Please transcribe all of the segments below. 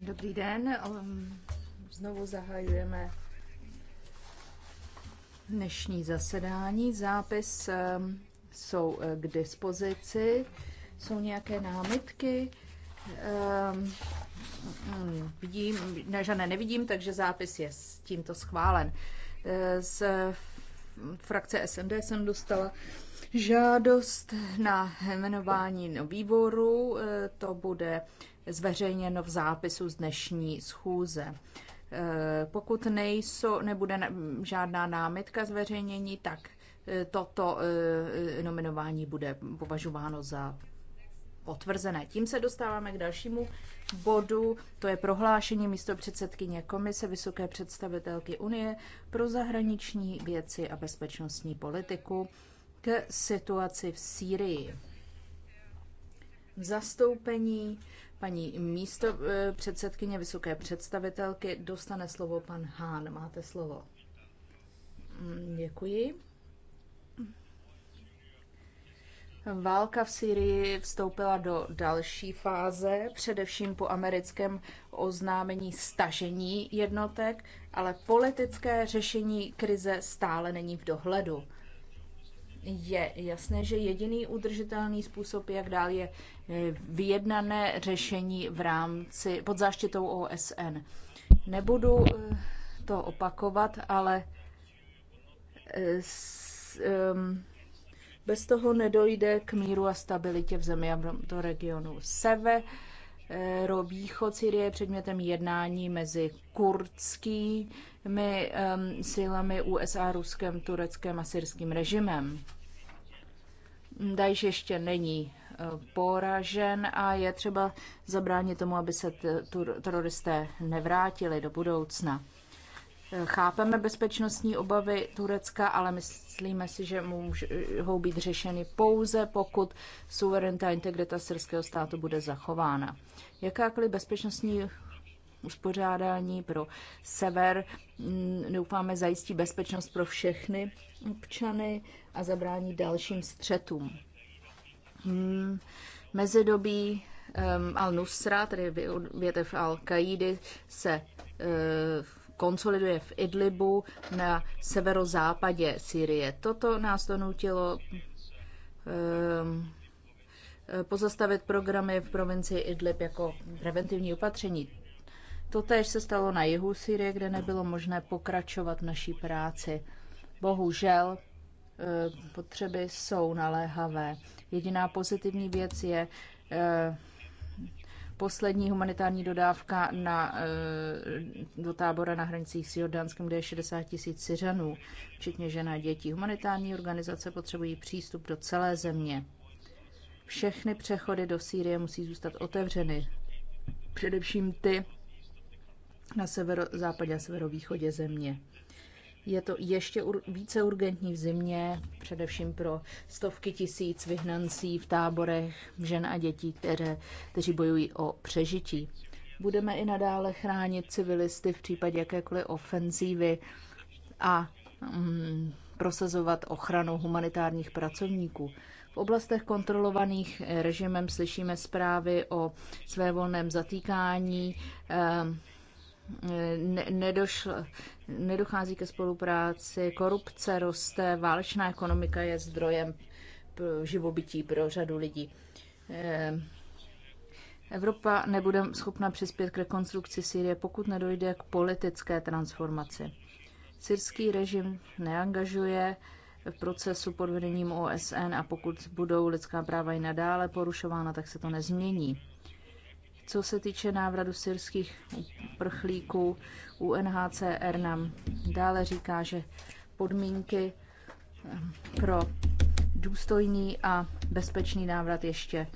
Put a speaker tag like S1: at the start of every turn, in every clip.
S1: dobrý den um, znovu zahajujeme dnešní zasedání. Zápis um, jsou eh, k dispozici. Jsou nějaké námitky? Um, mm, vidím, ne, žádné nevidím, takže zápis je s tímto schválen. S eh, frakce SND jsem dostala žádost na jmenování výboru. E, to bude zveřejněno v zápisu z dnešní schůze. E, pokud nejsou, nebude žádná námitka zveřejnění, tak e, toto nominování bude považováno za potvrzené. Tím se dostáváme k dalšímu bodu, to je prohlášení místo předsedkyně Komise Vysoké představitelky Unie pro zahraniční věci a bezpečnostní politiku k situaci v Sýrii. V zastoupení paní místo předsedkyně Vysoké představitelky dostane slovo pan Hán. Máte slovo. Děkuji. Válka v Syrii vstoupila do další fáze, především po americkém oznámení stažení jednotek, ale politické řešení krize stále není v dohledu. Je jasné, že jediný udržitelný způsob, jak dál, je eh, vyjednané řešení v rámci pod záštitou OSN. Nebudu eh, to opakovat, ale eh, s, um, bez toho nedojde k míru a stabilitě v zemi a v tomto regionu. Seve, Východ eh, Syrie je předmětem jednání mezi kurdskými um, silami USA, Ruskem, Tureckém a syrským režimem. Dajš ještě není eh, poražen a je třeba zabránit tomu, aby se teroristé nevrátili do budoucna. Chápeme bezpečnostní obavy Turecka, ale myslíme si, že mohou být řešeny pouze, pokud suverenita a integrita syrského státu bude zachována. Jakákoliv bezpečnostní uspořádání pro sever, mm, doufáme, zajistí bezpečnost pro všechny občany a zabrání dalším střetům. Hmm, mezidobí um, al-Nusra, tedy větev al-Kaidi, se uh, konsoliduje v Idlibu na severozápadě Syrie. Toto nás donutilo ehm, pozastavit programy v provincii Idlib jako preventivní opatření. Totež se stalo na jihu Syrie, kde nebylo možné pokračovat v naší práci. Bohužel ehm, potřeby jsou naléhavé. Jediná pozitivní věc je ehm, Poslední humanitární dodávka na, eh, do tábora na hranicích s Jordánskem, kde je 60 tisíc Syřanů, včetně žen a dětí. Humanitární organizace potřebují přístup do celé země. Všechny přechody do Sýrie musí zůstat otevřeny. Především ty na severozápadě a severovýchodě země. Je to ještě ur, více urgentní v zimě, především pro stovky tisíc vyhnancí v táborech žen a dětí, které, kteří bojují o přežití. Budeme i nadále chránit civilisty v případě jakékoliv ofenzívy a mm, prosazovat ochranu humanitárních pracovníků. V oblastech kontrolovaných režimem slyšíme zprávy o svévolném zatýkání. Eh, ne, nedošlo, nedochází ke spolupráci, korupce roste, válečná ekonomika je zdrojem živobytí pro řadu lidí. Eh, Evropa nebude schopna přispět k rekonstrukci Sýrie, pokud nedojde k politické transformaci. Syrský režim neangažuje v procesu pod vedením OSN a pokud budou lidská práva i nadále porušována, tak se to nezmění. Co se týče návratu syrských prchlíků, UNHCR nám dále říká, že podmínky eh, pro důstojný a bezpečný návrat ještě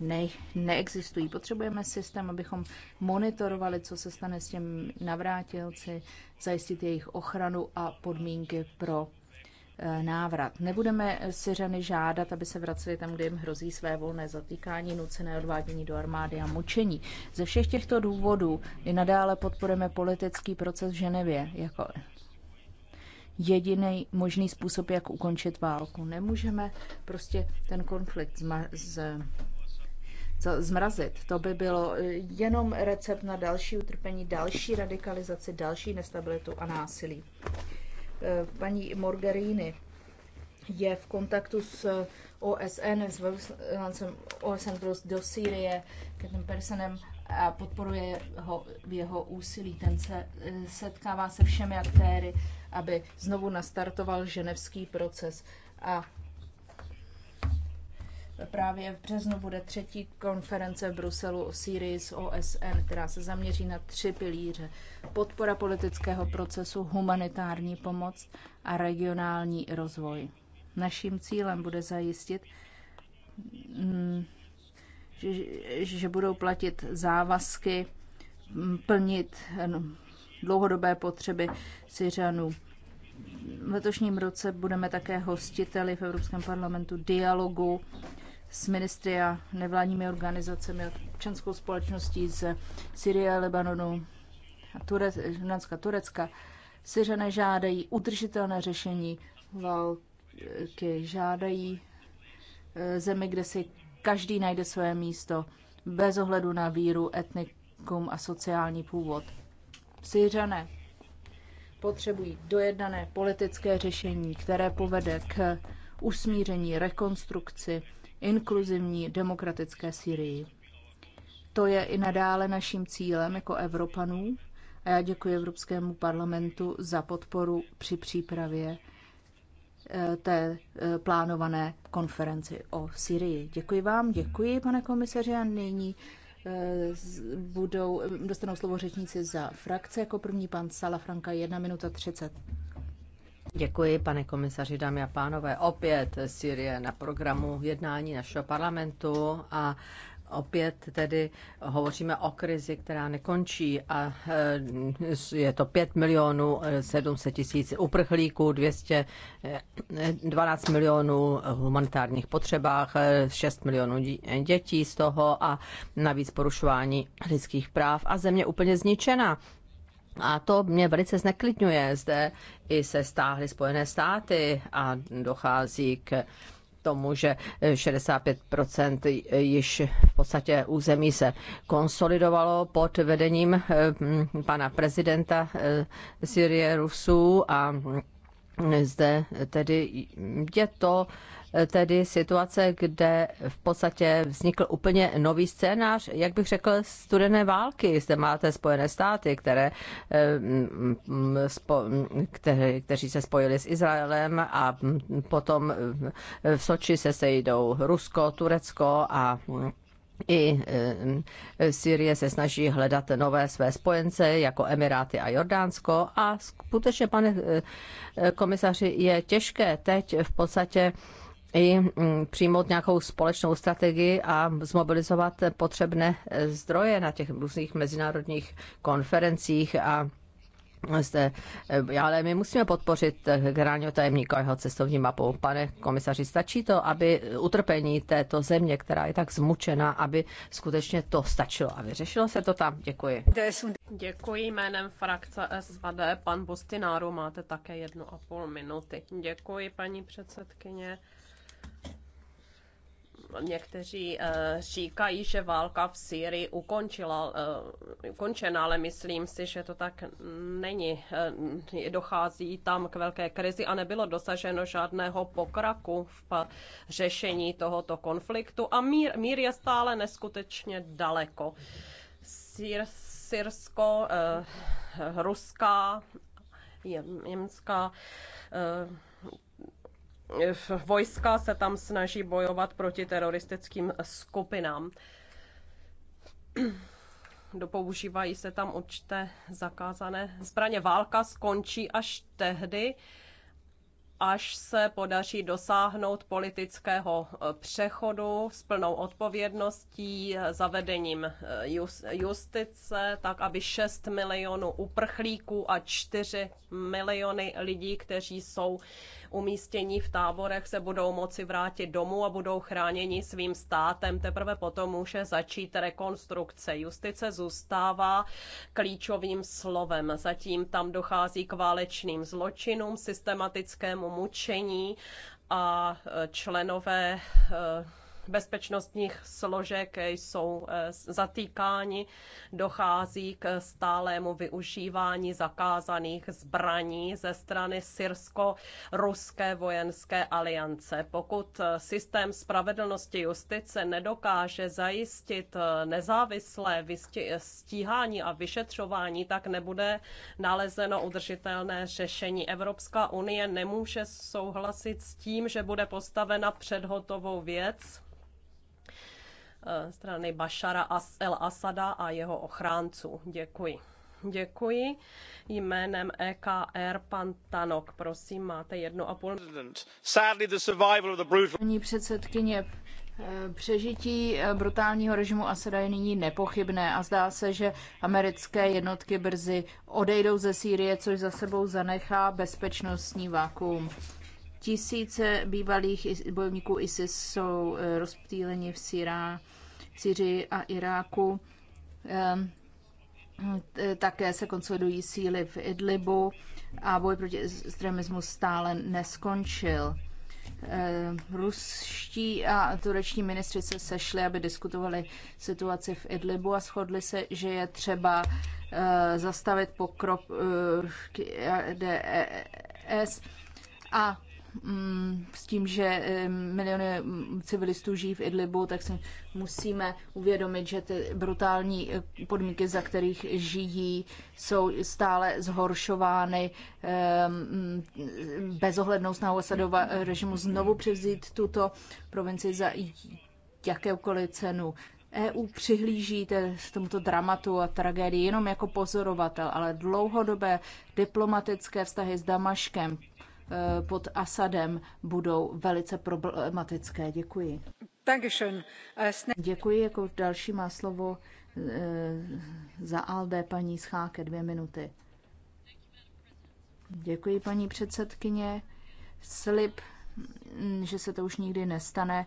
S1: ne, neexistují. Potřebujeme systém, abychom monitorovali, co se stane s těmi navrátilci, zajistit jejich ochranu a podmínky pro Eh, návrat. Nebudeme Syřany žádat, aby se vraceli tam, kde jim hrozí své volné zatýkání, nucené odvádění do armády a mučení. Ze všech těchto důvodů i nadále podporujeme politický proces v Ženevě jako jediný možný způsob, jak ukončit válku. Nemůžeme prostě ten konflikt zma- z- zmrazit. To by bylo jenom recept na další utrpení, další radikalizaci, další nestabilitu a násilí. Eh, paní Morgerini je v kontaktu s OSN, s vyslancem OSN do Sýrie, Ketem personem a podporuje ho v jeho úsilí. Ten se eh, setkává se všemi aktéry, aby znovu nastartoval ženevský proces. A Právě v březnu bude třetí konference v Bruselu o Sýrii OSN, která se zaměří na tři pilíře. Podpora politického procesu, humanitární pomoc a regionální rozvoj. Naším cílem bude zajistit, mm, že budou platit závazky, mm, plnit no, dlouhodobé potřeby Syřanů. V letošním roce budeme také hostiteli v Evropském parlamentu dialogu s ministry a nevládními organizacemi a občanskou společností z Syrie, Libanonu, a Turecka, Turecka. Syřané žádají udržitelné řešení války, žádají eh, zemi, kde si každý najde své místo, bez ohledu na víru, etnikum a sociální původ. Syřané potřebují dojednané politické řešení, které povede k usmíření, rekonstrukci, inkluzivní demokratické Syrii. To je i nadále naším cílem jako Evropanů a já děkuji Evropskému parlamentu za podporu při přípravě eh, té eh, plánované konferenci o Syrii. Děkuji vám, děkuji, pane komisaři, a nyní eh, budou, dostanou slovo řečníci za frakce. Jako první pan
S2: Salafranka, 1 minuta 30. Děkuji, pane komisaři, dámy a pánové. Opět Syrie na programu jednání našeho parlamentu a opět tedy hovoříme o krizi, která nekončí a eh, je to 5 milionů 700 eh, tisíc uprchlíků, 212 eh, milionů humanitárních potřebách, 6 milionů dětí z toho a navíc porušování lidských práv a země úplně zničená. A to mě velice zneklidňuje. Zde i se stáhly Spojené státy a dochází k tomu, že 65% již v podstatě území se konsolidovalo pod vedením hm, pana prezidenta eh, Syrie Rusů a zde tedy je to Eh, tedy situace, kde v podstatě vznikl úplně nový scénář, jak bych řekl, studené války. Zde máte Spojené státy, které, eh, které, kteří se spojili s Izraelem a potom eh, v Soči se sejdou Rusko, Turecko a i Syrie se snaží hledat nové své spojence, jako Emiráty a Jordánsko. A skutečně, pane komisaři, je těžké teď v podstatě i mm, přijmout nějakou společnou strategii a zmobilizovat potřebné e, zdroje na těch různých mezinárodních konferencích a zde, e, ale my musíme podpořit generálního tajemníka jeho cestovní mapu. Pane komisaři, stačí to, aby utrpení této země, která je tak zmučena, aby skutečně to stačilo a vyřešilo se to tam? Děkuji.
S3: Děkuji jménem frakce SVD. Pan Bostináru máte také jednu a půl minuty. Děkuji, paní předsedkyně. Někteří eh, říkají, že válka v Sýrii ukončila, eh, ukončena, ale myslím si, že to tak není. Eh, dochází tam k velké krizi a nebylo dosaženo žádného pokraku v řešení tohoto konfliktu a mír, mír je stále neskutečně daleko. Sýr, Syrsko, ruská, Uh, vojska se tam snaží bojovat proti teroristickým skupinám. Dopoužívají se tam určité zakázané zbraně. Válka skončí až tehdy, až se podaří dosáhnout politického eh, přechodu s plnou odpovědností, eh, zavedením eh, justice, tak aby 6 milionů uprchlíků a 4 miliony lidí, kteří jsou umístění v táborech, se budou moci vrátit domů a budou chráněni svým státem. Teprve potom může začít rekonstrukce. Justice zůstává klíčovým slovem. Zatím tam dochází k válečným zločinům, systematickému mučení a členové eh, bezpečnostních složek jsou eh, zatýkáni, dochází k stálému využívání zakázaných zbraní ze strany syrsko-ruské vojenské aliance. Pokud eh, systém spravedlnosti justice nedokáže zajistit eh, nezávislé stíhání a vyšetřování, tak nebude nalezeno udržitelné řešení. Evropská unie nemůže souhlasit s tím, že bude postavena předhotovou věc, Eh, strany Bašara el-Asada a jeho ochránců. Děkuji. Děkuji. Jménem EKR pan Tanok, prosím, máte jednu a půl.
S2: Sadly, the
S1: the of brutal... Paní předsedkyně, eh, Přežití eh, brutálního režimu Asada je nyní nepochybné a zdá se, že americké jednotky brzy odejdou ze Sýrie, což za sebou zanechá bezpečnostní vákuum. Tisíce bývalých bojovníků ISIS jsou eh, rozptýleni v Syrá, Syrii a Iráku. Ehm, eh, také se konsolidují síly v Idlibu a boj proti extremismu stále neskončil. Ehm, ruští a tureční ministři se sešli, aby diskutovali situaci v Idlibu a shodli se, že je třeba eh, zastavit pokrok DES a Mm, s tím, že miliony mm, civilistů žijí v Idlibu, tak si musíme uvědomit, že ty brutální eh, podmínky, za kterých žijí, jsou stále zhoršovány mm, bezohlednou snahou Asadova režimu znovu převzít tuto provinci za jakoukoliv cenu. EU přihlíží tomuto dramatu a tragédii jenom jako pozorovatel, ale dlouhodobé diplomatické vztahy s Damaškem, Eh, pod Asadem budou velice problematické. Děkuji. Eh, Děkuji. Jako další má slovo eh, za ALDE paní Scháke dvě minuty. Děkuji, paní předsedkyně. Slib, mm, že se to už nikdy nestane,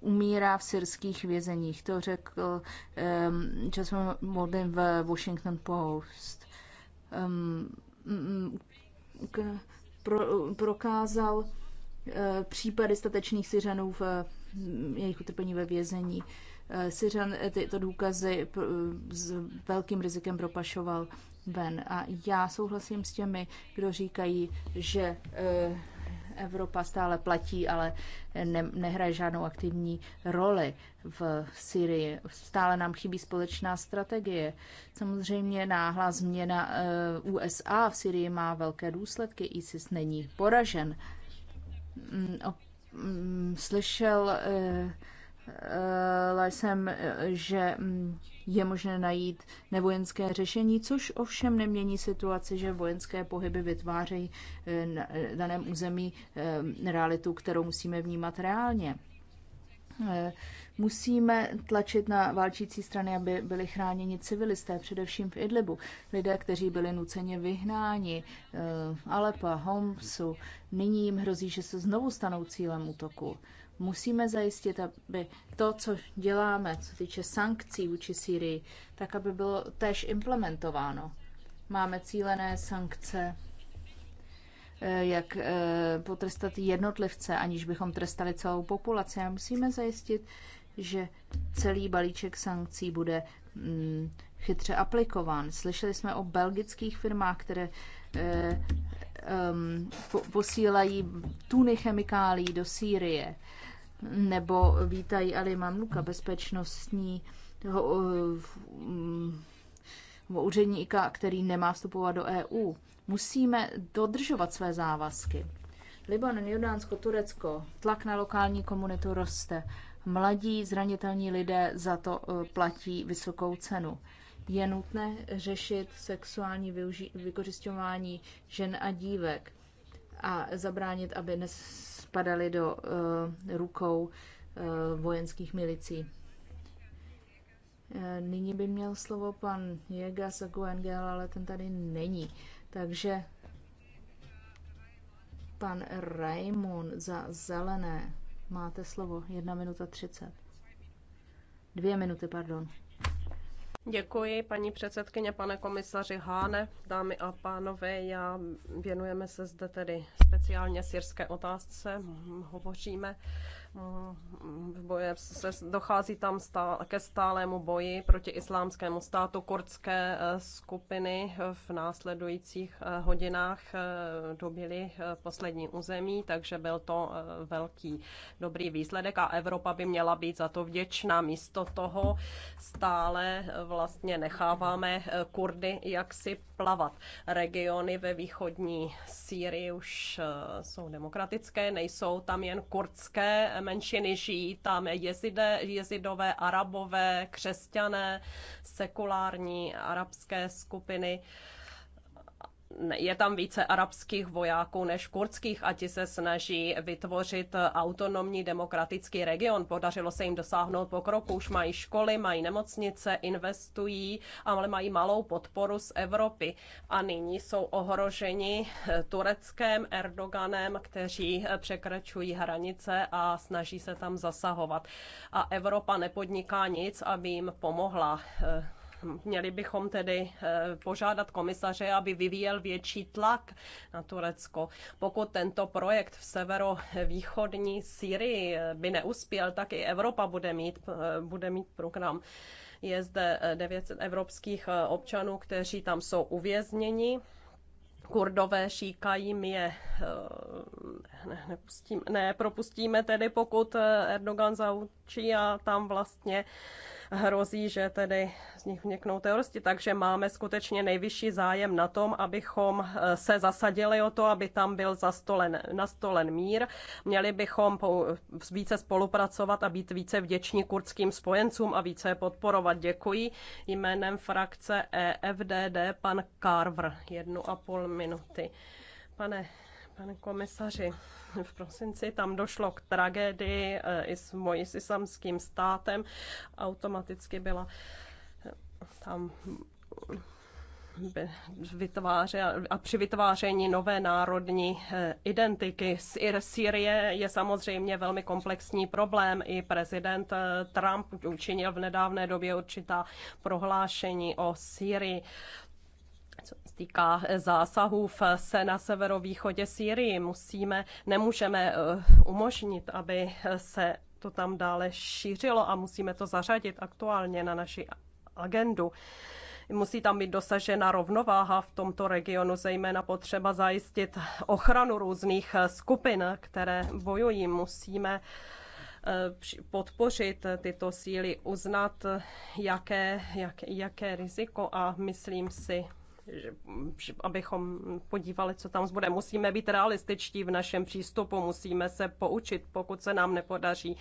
S1: umírá v syrských vězeních. To řekl um, Jasmine v Washington Post. Um, um, pro, prokázal eh, případy statečných Syřanů v hm, jejich utrpení ve vězení. Eh, Syřan eh, tyto důkazy s velkým rizikem propašoval ven. A já souhlasím s těmi, kdo říkají, že Evropa stále platí, ale ne, nehraje žádnou aktivní roli v Syrii. Stále nám chybí společná strategie. Samozřejmě náhlá změna eh, USA v Syrii má velké důsledky. ISIS není poražen. Mm, mm, slyšel eh, lesem, eh, eh, že hm, je možné najít nevojenské řešení, což ovšem nemění situaci, že vojenské pohyby vytvářejí eh, na daném území realitu, kterou musíme vnímat reálně. Musíme tlačit na válčící strany, aby byli chráněni civilisté, především v Idlibu. Lidé, kteří byli nuceně vyhnáni, Alepa, Homsu, nyní jim hrozí, že se znovu stanou cílem útoku. Musíme zajistit, aby to, co děláme, co týče sankcí vůči Sýrii, tak aby bylo též implementováno. Máme cílené sankce, eh, jak eh, potrestat jednotlivce, aniž bychom trestali celou populaci. A musíme zajistit, že celý balíček sankcí bude mm, chytře aplikován. Slyšeli jsme o belgických firmách, které eh, posílají tuny chemikálí do Sýrie nebo vítají Ali Mamluka, bezpečnostní toho, eh, mm, úředníka, který nemá vstupovat do EU. Musíme dodržovat své závazky. Libanon, Jordánsko, Turecko, tlak na lokální komunitu roste. Mladí, zranitelní lidé za to eh, platí vysokou cenu. Je nutné řešit sexuální vykořišťování žen a dívek a zabránit, aby nes spadaly do eh, rukou eh, vojenských milicí. Eh, nyní by měl slovo pan Jega Aguengel, ale ten tady není. Takže pan Raimon za zelené. Máte slovo. Jedna minuta třicet. Dvě minuty, pardon.
S3: Děkuji, paní předsedkyně, pane komisaři Háne, dámy a pánové. Já věnujeme se zde tedy speciálně syrské otázce, hovoříme v boje se, dochází tam stále, ke stálému boji proti islámskému státu kurdské eh, skupiny eh, v následujících eh, hodinách dobily poslední území, takže byl to velký dobrý výsledek a Evropa by měla být za to vděčná. Místo toho stále vlastně necháváme Kurdy jaksi plavat. Regiony ve východní Sýrii už eh, jsou demokratické, nejsou tam jen kurdské menšiny, žijí tam jezide, jezidové, arabové, křesťané, sekulární arabské skupiny je tam více arabských vojáků než kurdských a ti se snaží vytvořit autonomní demokratický region. Podařilo se jim dosáhnout pokroku, už mají školy, mají nemocnice, investují, ale mají malou podporu z Evropy. A nyní jsou ohroženi tureckém Erdoganem, kteří překračují hranice a snaží se tam zasahovat. A Evropa nepodniká nic, aby jim pomohla Měli bychom tedy eh, požádat komisaře, aby vyvíjel větší tlak na Turecko. Pokud tento projekt v severovýchodní Syrii eh, by neuspěl, tak i Evropa bude mít, eh, bude mít program. Je zde 900 evropských občanů, kteří tam jsou uvězněni. Kurdové šíkají mi je, ne, nepustím, ne, propustíme tedy, pokud Erdogan zaučí a tam vlastně hrozí, že tedy z nich vniknou teroristi. Takže máme skutečně nejvyšší zájem na tom, abychom eh, se zasadili o to, aby tam byl zastolen, nastolen mír. Měli bychom více spolupracovat a být více vděční kurdským spojencům a více podporovat. Děkuji. Jménem frakce EFDD pan Carver. Jednu a půl minuty. Pane Pane komisaři, v prosinci tam došlo k tragédii eh, i s mojí s islamským státem. Automaticky byla eh, tam mm, a při vytváření nové národní eh, identiky. Syrie je samozřejmě velmi komplexní problém. I prezident Trump učinil v nedávné době určitá prohlášení o Syrii co se týká eh, zásahů v eh, se na severovýchodě Sýrii, musíme, nemůžeme eh, umožnit, aby se to tam dále šířilo a musíme to zařadit aktuálně na naši agendu. Musí tam být dosažena rovnováha v tomto regionu, zejména potřeba zajistit ochranu různých skupin, které bojují. Musíme podpořit tyto síly, uznat, jaké, jak, jaké riziko a myslím si, že, že, abychom podívali, co tam bude. Musíme být realističtí v našem přístupu, musíme se poučit, pokud se nám nepodaří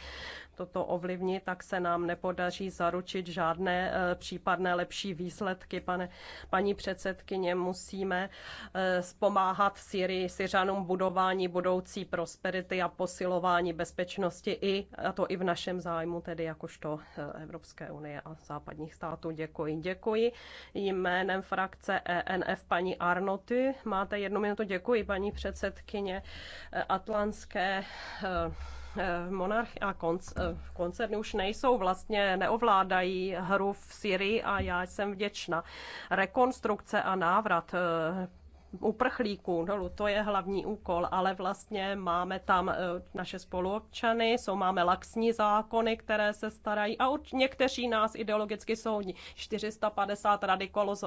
S3: toto ovlivní, tak se nám nepodaří zaručit žádné eh, případné lepší výsledky. Pane, paní předsedkyně, musíme eh, spomáhat Syrii, Syřanům budování budoucí prosperity a posilování bezpečnosti i, a to i v našem zájmu, tedy jakožto eh, Evropské unie a západních států. Děkuji. Děkuji jménem frakce ENF paní Arnoty. Máte jednu minutu. Děkuji, paní předsedkyně. Atlantské Eh, monarch a eh, koncerny už nejsou vlastně, neovládají hru v Syrii a já jsem vděčna. Rekonstrukce a návrat eh, uprchlíků dolů. No, to je hlavní úkol, ale vlastně máme tam e, naše spoluobčany, jsou, máme laxní zákony, které se starají a urč- někteří nás ideologicky jsou 450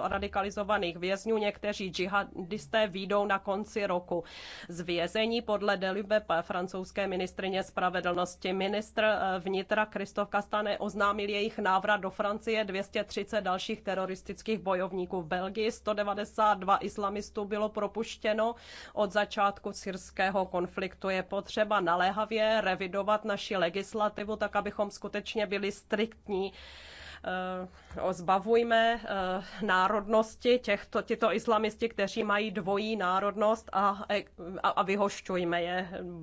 S3: radikalizovaných vězňů, někteří džihadisté výjdou na konci roku z vězení podle Delibep francouzské ministrině spravedlnosti. Ministr e, vnitra Kristof Kastane oznámil jejich návrat do Francie 230 dalších teroristických bojovníků v Belgii, 192 islamistů bylo propuštěno od začátku syrského konfliktu. Je potřeba naléhavě revidovat naši legislativu tak, abychom skutečně byli striktní eh, zbavujme eh, národnosti těchto, tyto islamisti, kteří mají dvojí národnost a, e, a, a vyhošťujme je,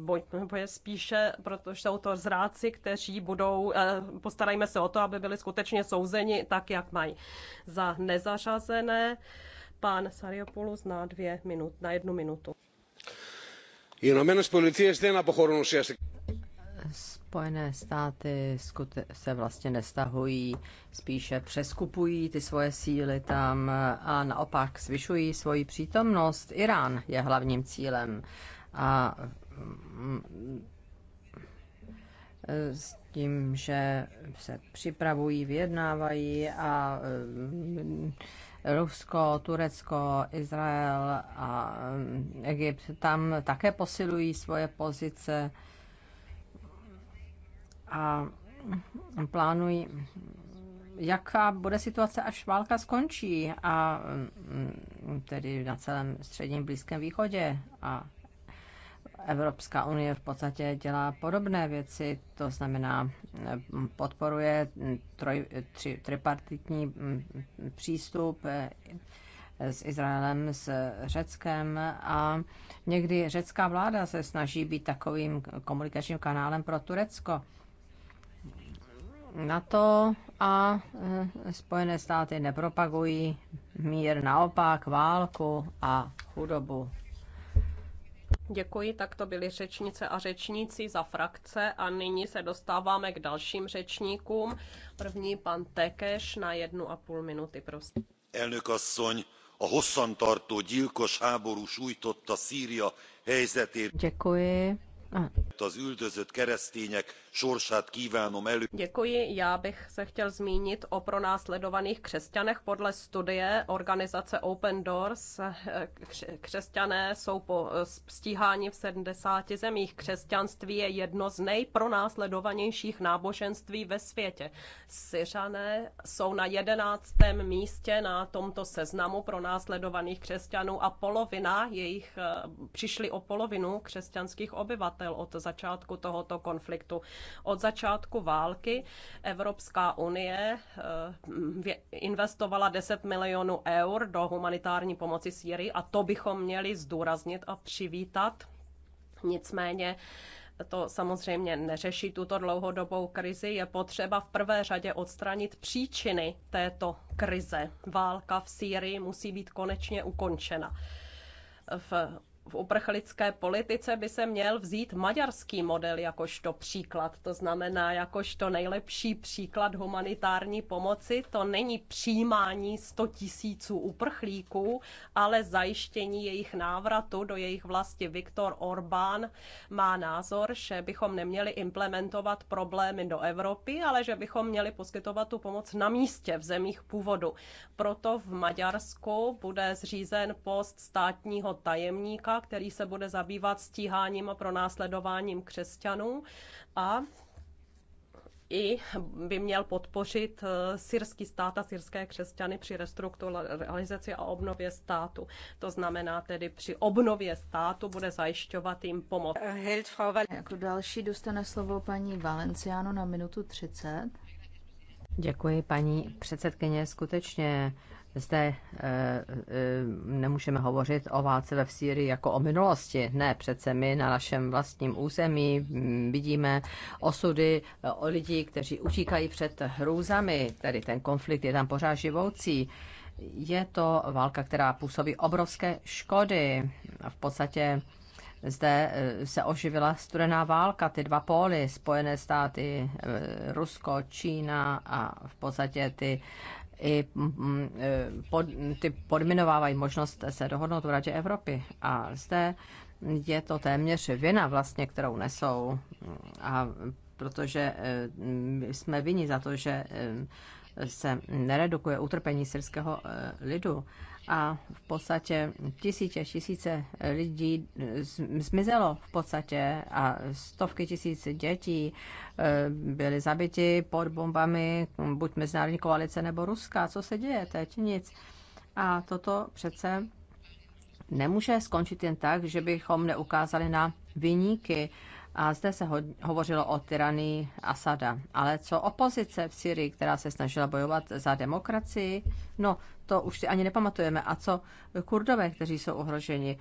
S3: bo, bo je spíše, protože jsou to zráci, kteří budou, eh, postarajme se o to, aby byli skutečně souzeni tak, jak mají za nezařazené. Pan Sariopoulos na, dvě
S2: minut, na jednu minutu. Spojené státy se vlastně nestahují, spíše přeskupují ty svoje síly tam a naopak zvyšují svoji přítomnost. Irán je hlavním cílem a mm, s tím, že se připravují, vyjednávají a mm, Rusko, Turecko, Izrael a mm, Egypt tam také posilují svoje pozice a plánují, jaká bude situace, až válka skončí a mm, tedy na celém středním Blízkém východě a Evropská unie v podstatě dělá podobné věci, to znamená eh, podporuje troj, tři, tripartitní mm, přístup eh, s Izraelem, s Řeckem a někdy řecká vláda se snaží být takovým komunikačním kanálem pro Turecko. NATO a eh, Spojené státy nepropagují mír, naopak válku a chudobu.
S3: Děkuji, tak to byly řečnice a řečníci za frakce a nyní se dostáváme k dalším řečníkům. První pan Tekeš na jednu a půl minuty, prosím. Elnök asszony, a hosszantartó gyilkos háború sújtotta Szíria helyzetét.
S2: Děkuji.
S3: Az üldözött keresztények sorsát kívánom elő. Děkuji, já bych se chtěl zmínit o pronásledovaných křesťanech. Podle studie organizace Open Doors eh, křesťané jsou po eh, stíhání v 70 zemích. Křesťanství je jedno z nejpronásledovanějších náboženství ve světě. Syřané jsou na 11. místě na tomto seznamu pronásledovaných křesťanů a polovina jejich eh, přišli o polovinu křesťanských obyvatel od začátku tohoto konfliktu. Od začátku války Evropská unie eh, investovala 10 milionů eur do humanitární pomoci Syrii a to bychom měli zdůraznit a přivítat. Nicméně to samozřejmě neřeší tuto dlouhodobou krizi, je potřeba v prvé řadě odstranit příčiny této krize. Válka v Sýrii musí být konečně ukončena. V v uprchlické politice by se měl vzít maďarský model jakožto příklad. To znamená, jakožto nejlepší příklad humanitární pomoci, to není přijímání 100 tisíců uprchlíků, ale zajištění jejich návratu do jejich vlasti. Viktor Orbán má názor, že bychom neměli implementovat problémy do Evropy, ale že bychom měli poskytovat tu pomoc na místě v zemích původu. Proto v Maďarsku bude zřízen post státního tajemníka, který se bude zabývat stíháním a pronásledováním křesťanů a i by měl podpořit eh, syrský stát a syrské křesťany při restrukturalizaci a obnově státu. To znamená tedy při obnově státu bude zajišťovat jim pomoc. Eh, jako
S1: další dostane slovo paní Valenciano na minutu 30.
S2: Děkuji, paní předsedkyně. Skutečně zde eh, eh, nemůžeme hovořit o válce ve Sýrii jako o minulosti. Ne, přece my na našem vlastním území mm, vidíme osudy eh, o lidí, kteří utíkají před hrůzami, tedy ten konflikt je tam pořád živoucí. Je to válka, která působí obrovské škody. V podstatě zde se oživila studená válka, ty dva póly, Spojené státy, Rusko, Čína a v podstatě ty i mm, mm, pod, ty podminovávají možnost se dohodnout v Radě Evropy. A zde je to téměř vina vlastně, kterou nesou. A protože mm, jsme vinni za to, že se neredukuje utrpení syrského e, lidu a v podstatě tisíce, tisíce lidí zmizelo v podstatě a stovky tisíc dětí eh, byly zabiti pod bombami buď Mezinárodní koalice nebo Ruska. Co se děje teď? Nic. A toto přece nemůže skončit jen tak, že bychom neukázali na vyníky. A zde se ho, hovořilo o tyranii Asada. Ale co opozice v Syrii, která se snažila bojovat za demokracii? No, to už si ani nepamatujeme. A co kurdové, kteří jsou ohroženi?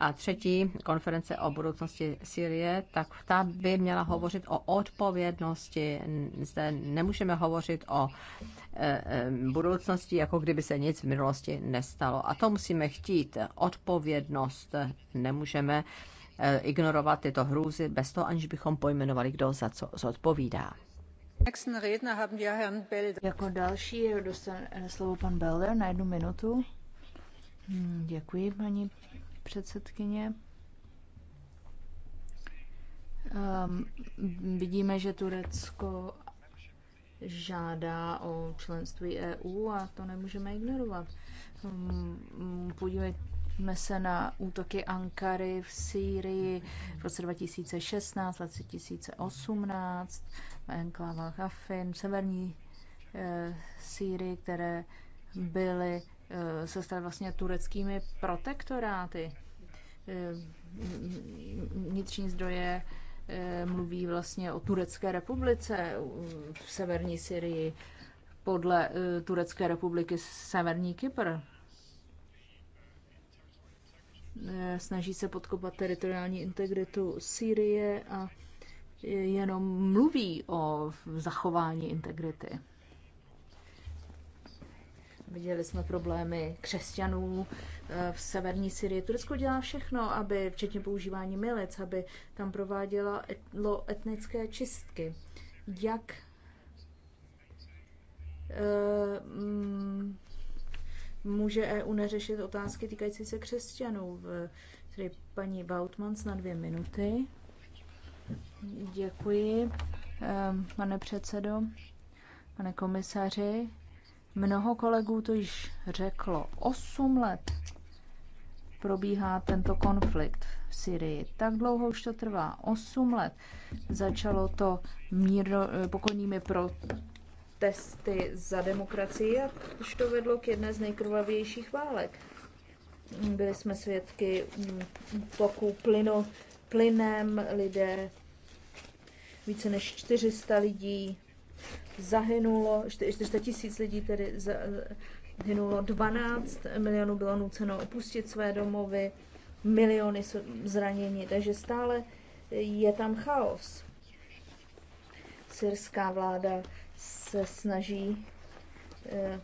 S2: A třetí konference o budoucnosti Syrie, tak ta by měla hovořit o odpovědnosti. Zde nemůžeme hovořit o eh, eh, budoucnosti, jako kdyby se nic v minulosti nestalo. A to musíme chtít. Odpovědnost nemůžeme eh, ignorovat tyto hrůzy bez toho, aniž bychom pojmenovali, kdo za co zodpovídá.
S1: Jako další dostane eh, slovo pan Belder na jednu minutu. Hmm, děkuji, paní předsedkyně. Um, vidíme, že Turecko žádá o členství EU a to nemůžeme ignorovat. Um, podívejte Podívejme se na útoky Ankary v Sýrii v roce 2016, 2018, v enklávách Afin, v severní e, Sýrii, které byly e, se staly vlastně tureckými protektoráty. E, zdroje e, mluví vlastně o Turecké republice v severní Syrii podle Turecké republiky Severní Kypr Eh, snaží se podkopat teritoriální integritu Sýrie a jenom mluví o zachování integrity. Viděli jsme problémy křesťanů eh, v severní Syrii. Turecko dělá všechno, aby, včetně používání milic, aby tam prováděla etlo, etnické čistky. Jak e, mm, Může EU neřešit otázky týkající se křesťanů? V, tedy paní Bautmans na dvě minuty. Děkuji, ehm, pane předsedo, pane komisaři. Mnoho kolegů to již řeklo. Osm let probíhá tento konflikt v Syrii. Tak dlouho už to trvá. Osm let. Začalo to míro, pokojnými pro, testy za demokracii a už to vedlo k jedné z nejkrvavějších válek. Byli jsme svědky útoku mm, plynu, plynem, lidé, více než 400 lidí zahynulo, 400 tisíc lidí tedy zahynulo, 12 milionů bylo nuceno opustit své domovy, miliony jsou zraněni, takže stále je tam chaos syrská vláda se snaží eh,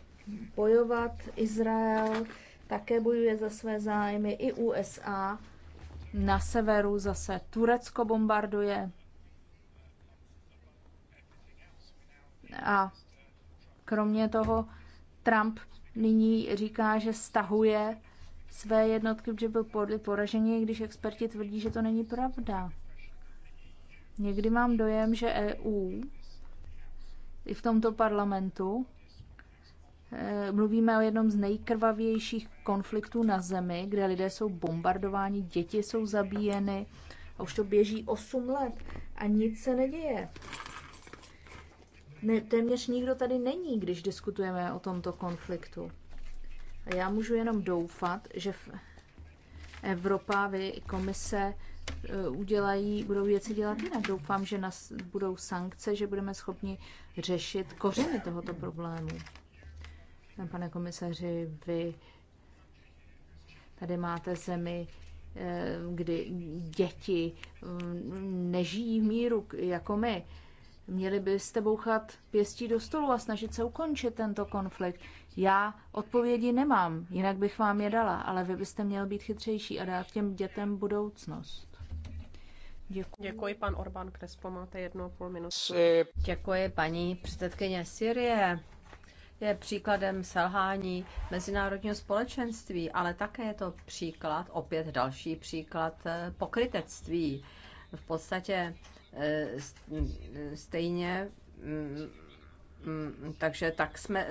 S1: bojovat. Izrael také bojuje za své zájmy, i USA. Na severu zase Turecko bombarduje. A kromě toho Trump nyní říká, že stahuje své jednotky, že byl poraženi, když experti tvrdí, že to není pravda. Někdy mám dojem, že EU i v tomto parlamentu eh, mluvíme o jednom z nejkrvavějších konfliktů na Zemi, kde lidé jsou bombardováni, děti jsou zabíjeny a už to běží 8 let a nic se neděje. Ne, téměř nikdo tady není, když diskutujeme o tomto konfliktu. A já můžu jenom doufat, že Evropa, vy, komise, Eh, udělají, budou věci dělat jinak. Doufám, že nas, budou sankce, že budeme schopni řešit kořeny tohoto problému. Pane komisaři, vy tady máte zemi, eh, kdy děti mm, nežijí v míru jako my. Měli byste bouchat pěstí do stolu a snažit se ukončit tento konflikt. Já odpovědi nemám, jinak bych vám je dala, ale vy byste měl být chytřejší a
S2: dát těm dětem budoucnost.
S3: Děkuji. Děkuji, pan Orbán Krespo, máte
S2: jedno a půl minuty. Děkuji, paní předsedkyně Syrie. Je příkladem selhání mezinárodního společenství, ale také je to příklad, opět další příklad eh, pokrytectví. V podstatě eh, stejně mm, Mm, takže tak jsme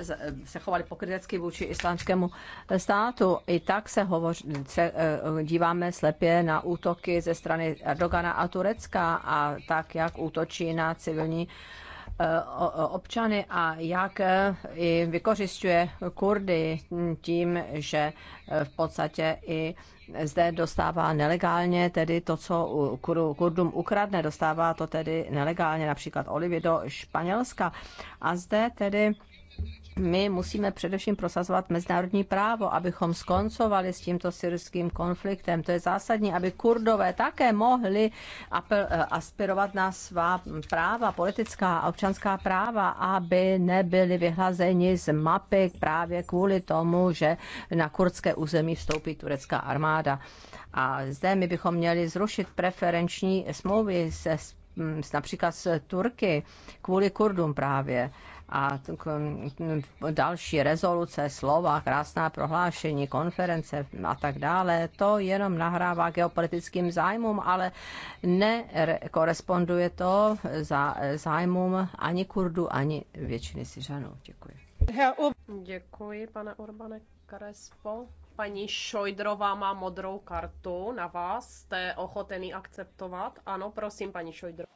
S2: se chovali pokrytecky vůči islámskému státu. I tak se, hovoř, se eh, díváme slepě na útoky ze strany Erdogana a Turecka a tak, jak útočí na civilní Eh, občany a jak eh, i vykořišťuje Kurdy tím, že eh, v podstatě i zde dostává nelegálně tedy to, co Kurdům ukradne, dostává to tedy nelegálně například olivy do Španělska. A zde tedy my musíme především prosazovat mezinárodní právo, abychom skoncovali s tímto syrským konfliktem. To je zásadní, aby kurdové také mohli apel, eh, aspirovat na svá práva, politická a občanská práva, aby nebyli vyhlazeni z mapy právě kvůli tomu, že na kurdské území vstoupí turecká armáda. A zde my bychom měli zrušit preferenční smlouvy se s, například s Turky kvůli Kurdům právě a um, další rezoluce, slova, krásná prohlášení, konference a tak dále, to jenom nahrává geopolitickým zájmům, ale nekoresponduje to za zájmům ani Kurdu, ani většiny Syřanů. Děkuji.
S3: Děkuji, pane Urbane Karespo. Paní Šojdrová má modrou kartu na vás. Jste ochotený akceptovat? Ano, prosím, paní Šojdrová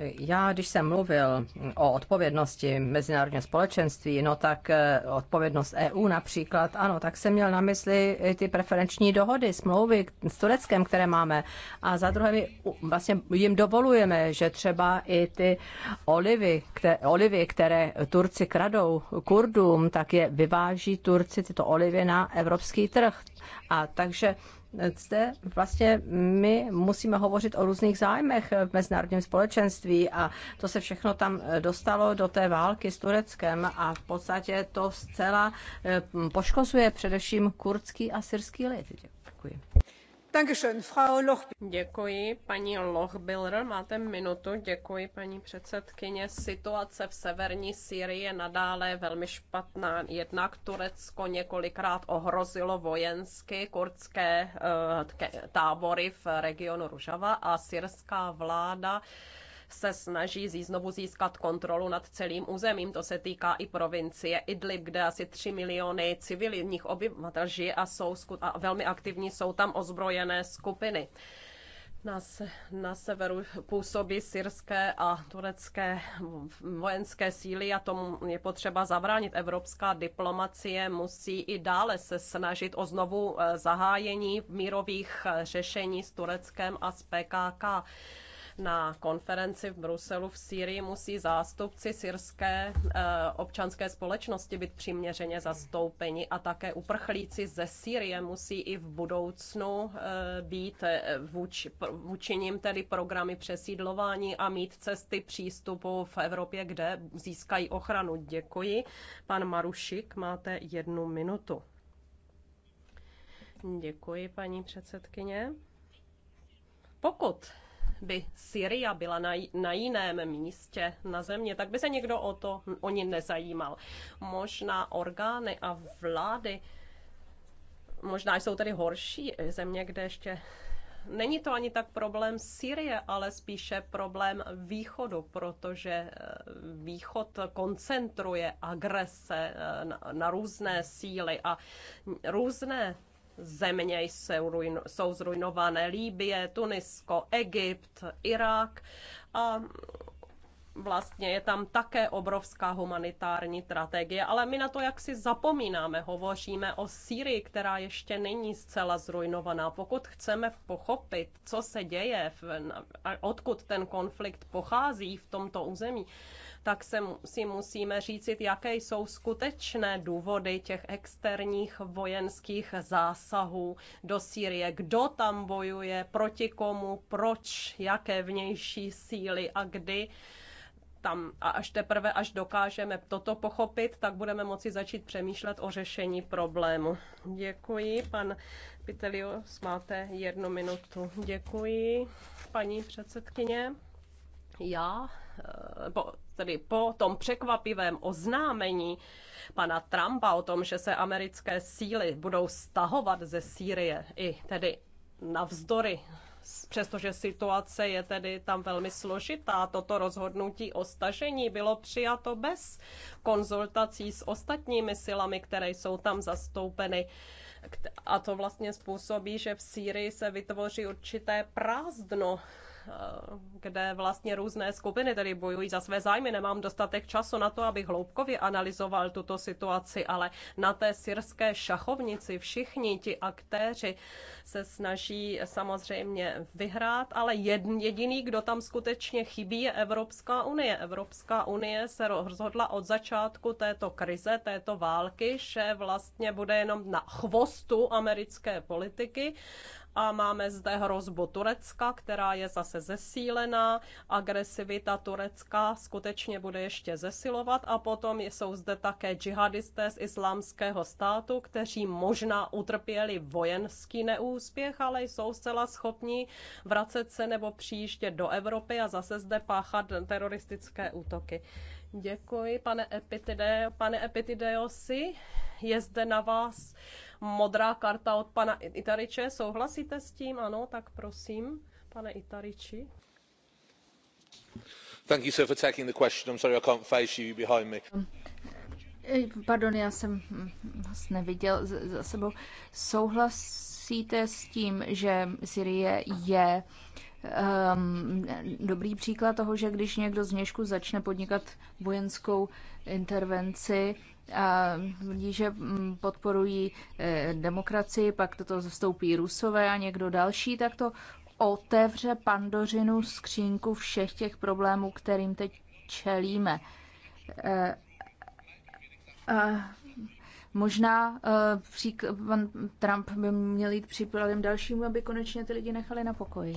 S2: já, když jsem mluvil o odpovědnosti mezinárodního společenství, no tak eh, odpovědnost EU například, ano, tak jsem měl na mysli ty preferenční dohody, smlouvy s Tureckem, které máme. A za druhé, my vlastně jim dovolujeme, že třeba i ty olivy, které, olivy, které Turci kradou Kurdům, tak je vyváží Turci tyto olivy na evropský trh. A takže zde vlastně my musíme hovořit o různých zájmech v mezinárodním společenství a to se všechno tam eh, dostalo do té války s Tureckem a v podstatě to zcela eh, poškozuje především kurdský a syrský lid. Děkuji.
S3: Děkuji, paní Lochbiller. Máte minutu. Děkuji, paní předsedkyně. Situace v severní Sýrii je nadále velmi špatná. Jednak Turecko několikrát ohrozilo vojensky kurdské eh, tábory v regionu Ružava a syrská vláda se snaží znovu získat kontrolu nad celým územím. To se týká i provincie Idlib, kde asi 3 miliony civilních obyvatel žije a jsou a velmi aktivní jsou tam ozbrojené skupiny. Na, se, na severu působí syrské a turecké vojenské síly a tomu je potřeba zabránit. Evropská diplomacie musí i dále se snažit o znovu eh, zahájení mírových eh, řešení s Tureckem a s PKK na konferenci v Bruselu v Sýrii musí zástupci syrské eh, občanské společnosti být přiměřeně zastoupeni a také uprchlíci ze Sýrie musí i v budoucnu eh, být eh, vůči, vůči nim tedy programy přesídlování a mít cesty přístupu v Evropě, kde získají ochranu. Děkuji. Pan Marušik, máte jednu minutu. Děkuji, paní předsedkyně. Pokud by Syria byla na, na jiném místě na země, tak by se někdo o to o ní nezajímal. Možná orgány a vlády, možná jsou tedy horší země, kde ještě není to ani tak problém Syrie, ale spíše problém východu, protože eh, východ koncentruje agrese eh, na, na různé síly a různé země jsou, ruino, jsou zrujnované. Líbie, Tunisko, Egypt, Irák a vlastně je tam také obrovská humanitární strategie, ale my na to si zapomínáme. Hovoříme o Syrii, která ještě není zcela zrujnovaná. Pokud chceme pochopit, co se děje, v, odkud ten konflikt pochází v tomto území, tak se, si musíme říct, jaké jsou skutečné důvody těch externích vojenských zásahů do Sýrie. Kdo tam bojuje, proti komu, proč, jaké vnější síly a kdy tam a až teprve, až dokážeme toto pochopit, tak budeme moci začít přemýšlet o řešení problému. Děkuji, pan Pitelius, máte jednu minutu. Děkuji, paní předsedkyně. Já Eh, po, tedy po tom překvapivém oznámení pana Trumpa o tom, že se americké síly budou stahovat ze Sýrie i tedy navzdory přestože situace je tedy tam velmi složitá. Toto rozhodnutí o stažení bylo přijato bez konzultací s ostatními silami, které jsou tam zastoupeny. A to vlastně způsobí, že v Sýrii se vytvoří určité prázdno Eh, kde vlastně různé skupiny tedy bojují za své zájmy. Nemám dostatek času na to, abych hloubkově analyzoval tuto situaci, ale na té syrské šachovnici všichni ti aktéři se snaží samozřejmě vyhrát, ale jediný, kdo tam skutečně chybí, je Evropská unie. Evropská unie se rozhodla od začátku této krize, této války, že vlastně bude jenom na chvostu americké politiky a máme zde hrozbu Turecka, která je zase zesílená. Agresivita Turecka skutečně bude ještě zesilovat a potom jsou zde také džihadisté z islámského státu, kteří možná utrpěli vojenský neúspěch, ale jsou zcela schopní vracet se nebo příště do Evropy a zase zde páchat teroristické útoky. Děkuji, pane Epitideo, pane Epitideosi. Je zde na vás modrá karta od pana Itariče. Souhlasíte s tím? Ano, tak prosím, pane Itariči.
S2: Thank you, sir, for taking the question. I'm sorry I can't face you behind me.
S1: Eh, pardon, já jsem hm, vás neviděl za sebou. Souhlasíte s tím, že Syrie je um, dobrý příklad toho, že když někdo z něžku začne podnikat vojenskou intervenci, a tvrdí, že mm, podporují e, demokracii, pak toto zastoupí Rusové a někdo další, tak to otevře pandořinu skřínku všech těch problémů, kterým teď čelíme. E, a možná e, pan Trump by měl jít příkladem dalšímu, aby konečně ty lidi nechali na pokoji.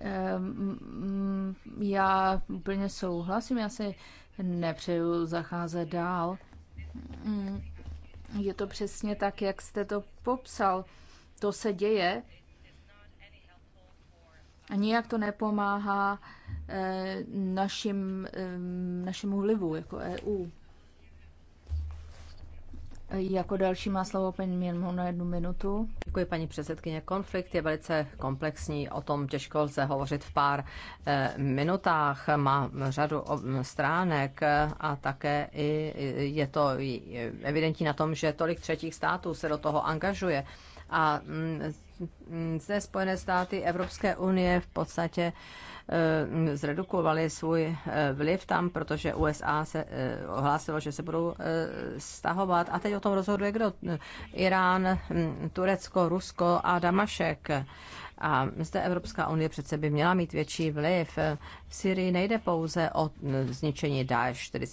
S1: Ehm, mm, já úplně souhlasím, já si nepřeju zacházet dál. Mm, je to přesně tak, jak jste to popsal. To se děje a nijak to nepomáhá eh, našim, ehm, našemu vlivu jako EU.
S2: Jako další má slovo
S1: paní Měnmo na jednu minutu.
S2: Děkuji, paní předsedkyně. Konflikt je velice komplexní, o tom těžko lze hovořit v pár eh, minutách. Má řadu stránek eh, a také i je to eh, evidentní na tom, že tolik třetích států se do toho angažuje. A mm, mm, zde Spojené státy Evropské unie v podstatě Eh, zredukovali svůj eh, vliv tam, protože USA se eh, ohlásilo, že se budou stahovat. A teď o tom rozhoduje kdo? Irán, hm, Turecko, Rusko a Damašek. A zde Evropská unie přece by měla mít větší vliv. V Syrii nejde pouze o zničení Daesh, tedy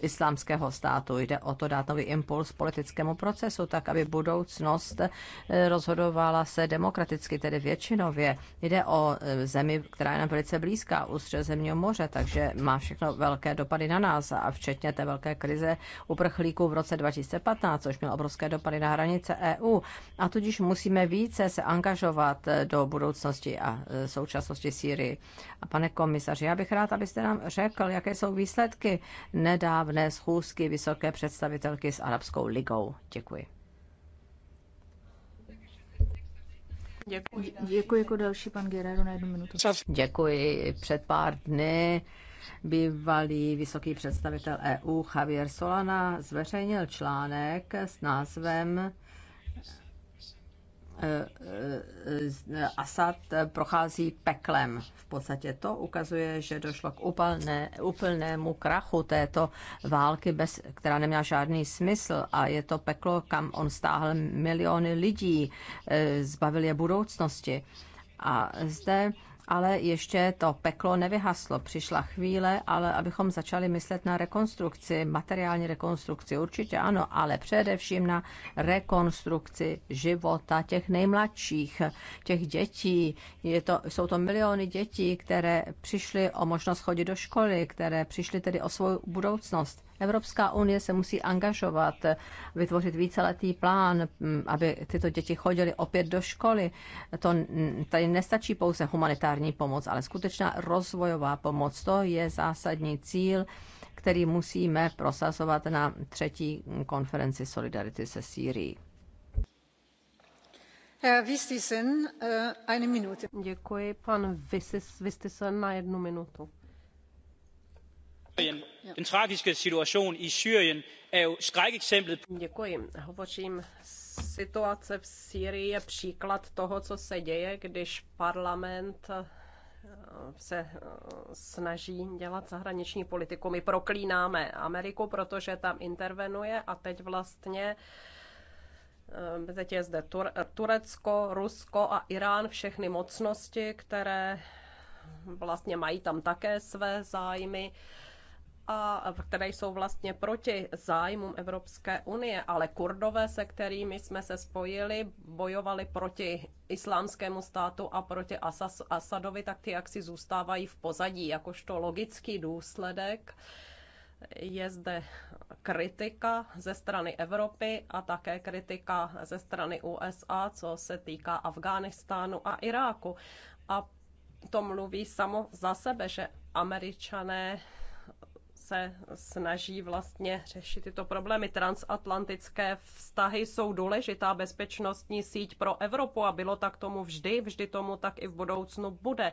S2: islámského státu, jde o to dát nový impuls politickému procesu, tak aby budoucnost eh, rozhodovala se demokraticky, tedy většinově. Jde o eh, zemi, která je nám velice blízká, u zemního moře, takže má všechno velké dopady na nás a včetně té velké krize uprchlíků v roce 2015, což mělo obrovské dopady na hranice EU. A tudíž musíme více se angažovat eh, do budoucnosti a současnosti Syrii. A pane komis komisaři, já bych rád, abyste nám řekl, jaké jsou výsledky nedávné schůzky vysoké představitelky s Arabskou ligou. Děkuji.
S1: Děkuji. Děkuji jako další pan Guerrero na jednu minutu.
S2: Děkuji. Před pár dny bývalý vysoký představitel EU Javier Solana zveřejnil článek s názvem Eh, eh, Asad prochází peklem. V podstatě to ukazuje, že došlo k úplné, úplnému krachu této války, bez, která neměla žádný smysl a je to peklo, kam on stáhl miliony lidí, eh, zbavil je budoucnosti. A zde ale ještě to peklo nevyhaslo. Přišla chvíle, ale abychom začali myslet na rekonstrukci, materiální rekonstrukci, určitě ano, ale především na rekonstrukci života těch nejmladších, těch dětí. Je to, jsou to miliony dětí, které přišly o možnost chodit do školy, které přišly tedy o svou budoucnost. Evropská unie se musí angažovat, vytvořit víceletý plán, aby tyto děti chodily opět do školy. To tady nestačí pouze humanitární pomoc, ale skutečná rozvojová pomoc. To je zásadní cíl, který musíme prosazovat na třetí konferenci Solidarity se Sýrií. Eh,
S3: Děkuji, pan Vistisen na jednu minutu. Děkuji. Hovořím situace v Syrii je příklad toho, co se děje, když parlament eh, se eh, snaží dělat zahraniční politiku. My proklínáme Ameriku, protože tam intervenuje a teď vlastně eh, teď je zde Turecko, Rusko a Irán, všechny mocnosti, které vlastně mají tam také své zájmy a které jsou vlastně proti zájmům Evropské unie, ale kurdové, se kterými jsme se spojili, bojovali proti islámskému státu a proti Asas, Asadovi, tak ty jaksi zůstávají v pozadí. Jakožto logický důsledek je zde kritika ze strany Evropy a také kritika ze strany USA, co se týká Afghánistánu a Iráku. A to mluví samo za sebe, že američané se snaží vlastně řešit tyto problémy. Transatlantické vztahy jsou důležitá bezpečnostní síť pro Evropu a bylo tak tomu vždy, vždy tomu tak i v budoucnu bude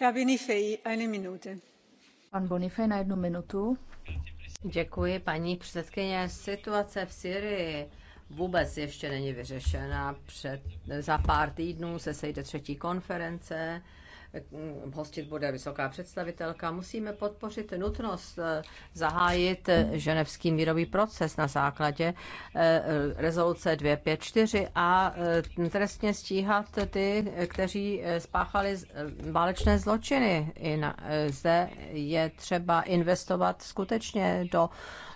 S2: Pan na jednu minutu. Děkuji, paní předsedající Situace v sýrii vůbec ještě není vyřešena. za pár týdnů se sejde třetí konference Eh, hostit bude vysoká představitelka, musíme podpořit nutnost eh, zahájit ženevský mírový proces na základě eh, rezoluce 254 a trestně stíhat ty, kteří spáchali válečné zločiny. zde je třeba investovat skutečně do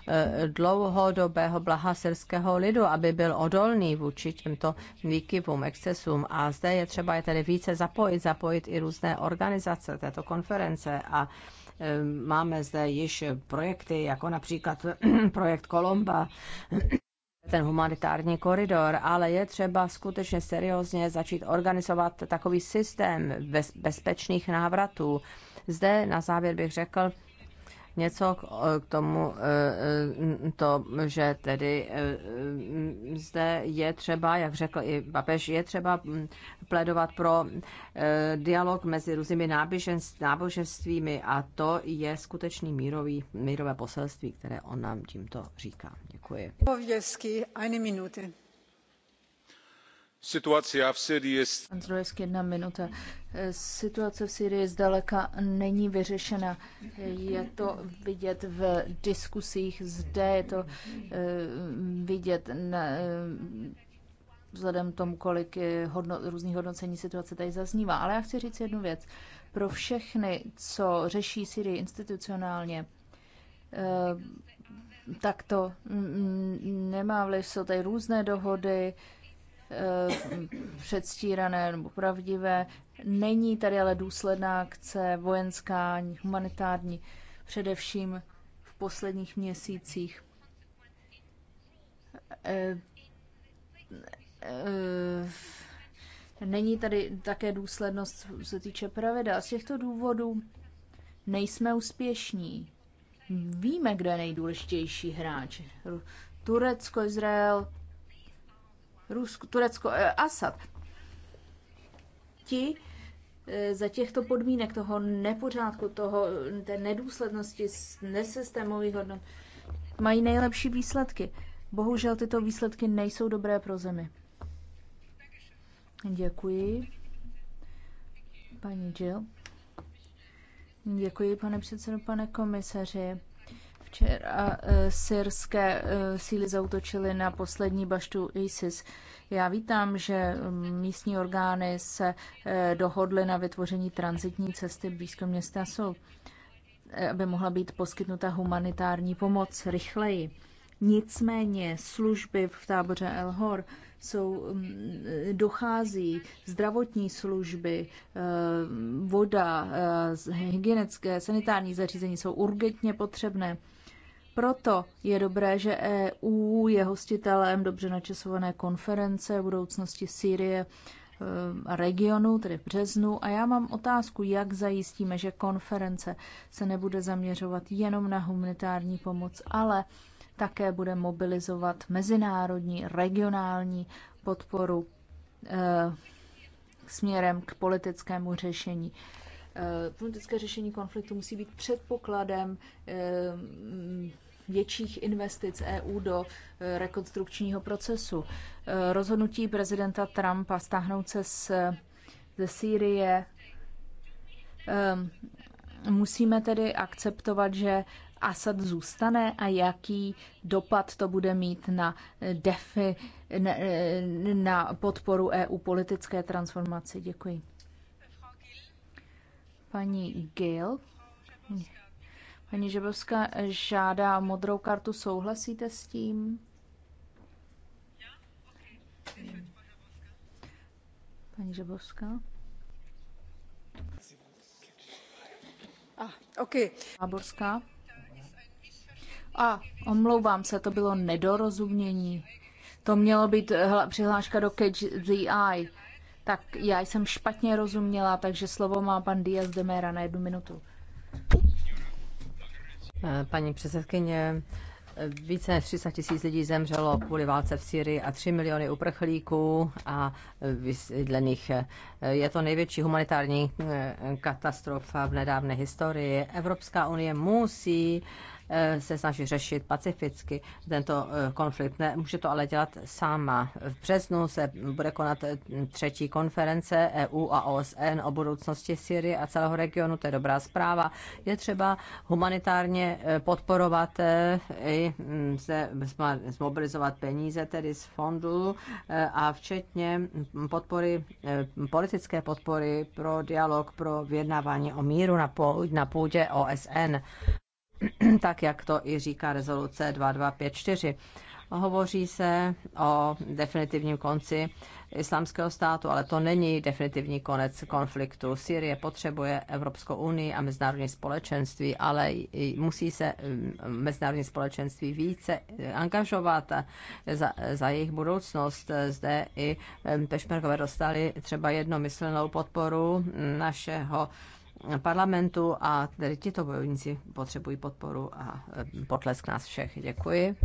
S2: Eh, dlouhodobého blaha syrského lidu, aby byl odolný vůči těmto výkyvům, excesům. A zde je třeba je tedy více zapojit, zapojit i různé organizace této konference a eh, Máme zde již projekty, jako například projekt Kolomba, ten humanitární koridor, ale je třeba skutečně seriózně začít organizovat takový systém bezpečných návratů. Zde na závěr bych řekl, něco k tomu, e, e, to, že tedy e, zde je třeba, jak řekl i papež, je třeba plédovat pro dialog mezi různými náboženstvími a to je skutečný mírový, mírové poselství, které on nám tímto říká. Děkuji. Pověsky, eine minute.
S4: Eh, situace v Syrii je...
S1: Situace v Syrii zdaleka není vyřešena. Je to vidět v diskusích zde, je to eh, vidět na, eh, vzhledem tomu, kolik hodno, různých hodnocení situace tady zaznívá. Ale já chci říct jednu věc. Pro všechny, co řeší Syrii institucionálně, tak to mm, mm, nemá vliv, jsou tady různé dohody, Eh, předstírané nebo pravdivé. Není tady ale důsledná akce vojenská, humanitární, především v posledních měsících. Eh, eh, není tady také důslednost, co se týče pravidel. Z těchto důvodů nejsme úspěšní. Víme, kdo je nejdůležitější hráč. Turecko, Izrael, Rusko, Turecko, eh, Asad. Ti eh, za těchto podmínek, toho nepořádku, toho, té nedůslednosti, nesystémových hodnot, mají nejlepší výsledky. Bohužel tyto výsledky nejsou dobré pro zemi. Děkuji. Paní Jill. Děkuji, pane předsedo, pane komisaři. Včera e, syrské e, síly zautočily na poslední baštu ISIS. Já vítám, že místní orgány se e, dohodly na vytvoření transitní cesty blízko města Sol, aby mohla být poskytnuta humanitární pomoc rychleji. Nicméně služby v táboře El Hor jsou, dochází zdravotní služby, voda, hygienické, sanitární zařízení jsou urgentně potřebné. Proto je dobré, že EU je hostitelem dobře načasované konference v budoucnosti Sýrie eh, a regionu, tedy v březnu. A já mám otázku, jak zajistíme, že konference se nebude zaměřovat jenom na humanitární pomoc, ale také bude mobilizovat mezinárodní, regionální podporu eh, směrem k politickému řešení. Eh, politické řešení konfliktu musí být předpokladem eh, větších investic EU do eh, rekonstrukčního procesu. Eh, rozhodnutí prezidenta Trumpa stáhnout se z, ze Sýrie. Ehm, musíme tedy akceptovat, že Asad zůstane a jaký dopad to bude mít na, eh, defi, na, na podporu EU politické transformaci. Děkuji. Paní Gill. Paní Žebovská žádá modrou kartu. Souhlasíte s tím? Paní Žebovská. Ah, OK. Náborská. A omlouvám se, to bylo nedorozumění. To mělo být přihláška do Catch the Eye. Tak já jsem špatně rozuměla, takže slovo má pan Diaz de Mera na jednu minutu
S2: paní předsedkyně. Více než 300 tisíc lidí zemřelo kvůli válce v Syrii a 3 miliony uprchlíků a vysídlených. Je to největší humanitární katastrofa v nedávné historii. Evropská unie musí Eh, se snaží řešit pacificky tento eh, konflikt. Ne, může to ale dělat sama. V březnu se bude konat eh, třetí konference EU a OSN o budoucnosti Syrie a celého regionu. To je dobrá zpráva. Je třeba humanitárně podporovat i mm, se zmobilizovat peníze tedy z fondu a včetně podpory, politické podpory pro dialog, pro vyjednávání o míru na půdě OSN. tak jak to i říká rezoluce 2254. Hovoří se o definitivním konci islámského státu, ale to není definitivní konec konfliktu. Syrie potřebuje Evropskou unii a mezinárodní společenství, ale musí se mm, mezinárodní společenství více angažovat za, za jejich budoucnost. Zde i mm, Pešmerkové dostali třeba jednomyslnou podporu našeho parlamentu a tedy tito bojovníci potřebují podporu a e, potlesk nás všech. Děkuji.